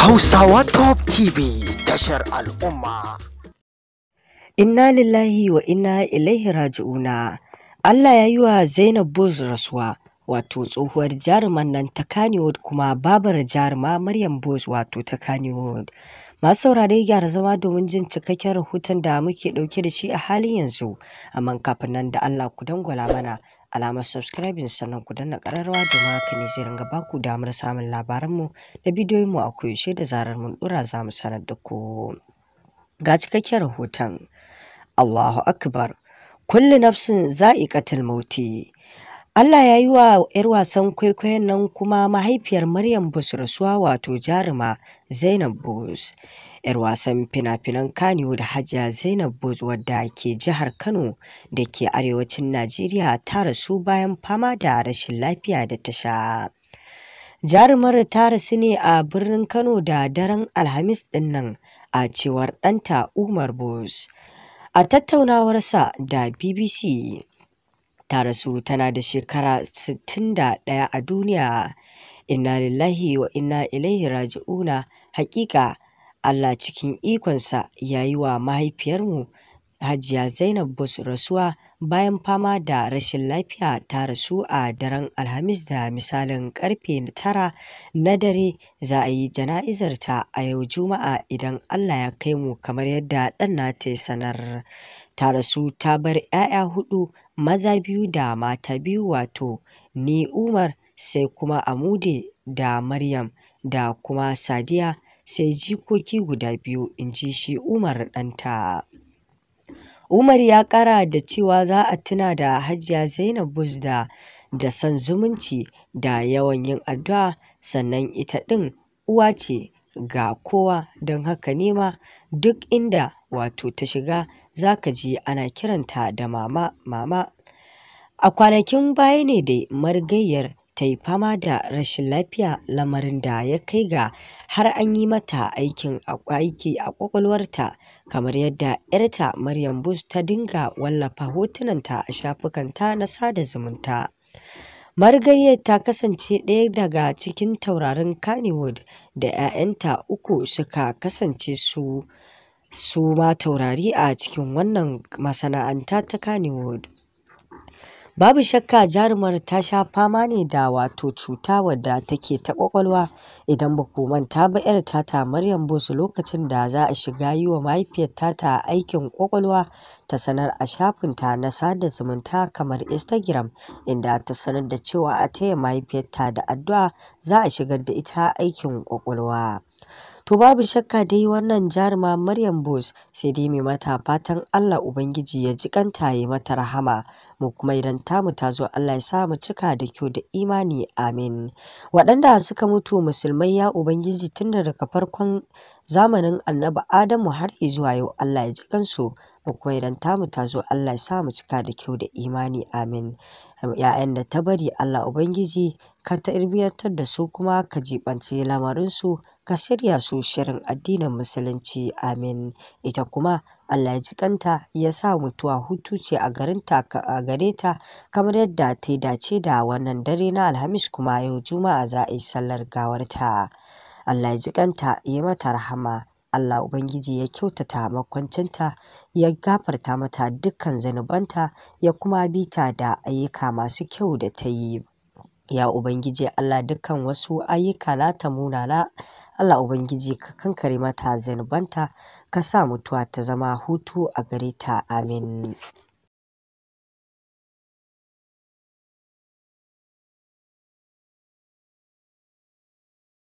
Hausawa Top TV tashar al'umma. Inna lillahi wa inna ilaihi raji'una. Allah ya yi wa Zainab Buz rasuwa. wato tsohuwar jaruman nan ta Kannywood kuma babar jaruma Maryam Bose wato ta Kannywood. Masu saurare gyara zama domin jin cikakken rahoton da muke ɗauke da shi a halin yanzu, amma kafin nan da Allah ku dangwala mana alamar subscribing sannan ku danna ƙararrawa domin haka ne zai ringa baku damar samun labaranmu da bidiyoyinmu a koyaushe da zarar mun ɗora za mu sanar da ku. Ga cikakken rahoton Allahu Akbar. kullu nafsin za'iqatul mauti Allah ya yi wa 'yar wasan kwaikwayon nan kuma mahaifiyar Maryam Bose rasuwa wato jaruma Zainab Bus, 'Yar wasan fina-finan da Hajiya Zainab Bus wadda ke jihar Kano da ke arewacin Najeriya ta rasu bayan fama da rashin lafiya da ta sha. Jarumar ta rasu ne a birnin Kano da daren Alhamis ɗin a cewar ɗanta Umar Bus, A tattaunawarsa da BBC. ta rasu tana da shekara 61 a duniya. Inna lillahi wa inna ilaihi raji'una hakika Allah cikin ikonsa ya yi wa mahaifiyarmu Hajiya Zainab Bus rasuwa bayan fama da rashin lafiya ta rasu a daren Alhamis da misalin karfe tara na dare za a yi ta a yau Juma'a idan Allah ya kai mu kamar yadda ɗan nata ya sanar. Ta rasu ta bar 'ya'ya hudu, maza biyu da mata biyu wato ni Umar sai kuma Amude da Maryam da kuma Sadiya sai jikoki guda biyu in ji shi Umar ɗanta. Umar ya ƙara da cewa za a tuna da Hajiya Zainab Busda da son zumunci da yawan yin addu'a, sannan ita ɗin uwa ce ga kowa don haka ne ma duk inda wato ta shiga za ka ji ana kiranta da Mama, Mama. A kwanakin baya ne dai margayyar ta yi fama da rashin lafiya, lamarin da ya kai ga har an yi mata aikin aiki a kwakwalwarta kamar yadda 'yarta Maryam Bush ta dinga wallafa hotunanta a shafukanta na sada zumunta. Margaret ta kasance ɗaya daga cikin taurarin Kannywood da 'ya'yanta uku suka kasance su su ma taurari a cikin wannan masana'anta ta Kannywood. Babu shakka jarumar ta sha fama ne da wato cuta wadda take ta kwakwalwa idan ba ku manta ba 'yar tata Maryam Bosu lokacin da za a shiga yi wa mahaifiyar tata aikin kwakwalwa ta sanar a shafinta na sada zumunta kamar Instagram, inda ta sanar da cewa a taya mahaifiyarta da addu'a za a shigar da ita aikin kwakwalwa. To babu shakka dai wannan jaruma Maryam Bose sai dai mai mata fatan Allah Ubangiji ya ji kanta ya mata rahama mu kuma idan tamu ta zo Allah ya sa mu cika da kyau da imani amin. Waɗanda suka mutu musulmai ya Ubangiji tun daga farkon zamanin annabi Adamu har zuwa yau Allah ya ji kansu mu kuma idan tamu ta zo Allah ya sa mu cika da kyau da imani amin. ‘Ya'yan da ta bari Allah Ubangiji ka tarbiyyantar da su kuma ka jiɓance lamarinsu ka shirya su shirin addinin Musulunci. Amin. Ita kuma Allah ya ji ya sa mutuwa hutu ce a gare ta kamar yadda ta dace da wannan dare na Alhamis kuma yau Juma'a za a yi sallar gawarta. Allah ya ji ya mata rahama. Allah Ubangiji ya kyautata makwancinta, ya gafarta mata dukkan zanubanta, ya kuma bita da ayyuka masu kyau da ta yi. Ya Ubangiji Allah dukkan wasu ayyuka nata munana Allah Ubangiji ka kankare mata zanubanta ka sa mutuwa ta zama hutu a gare ta amin.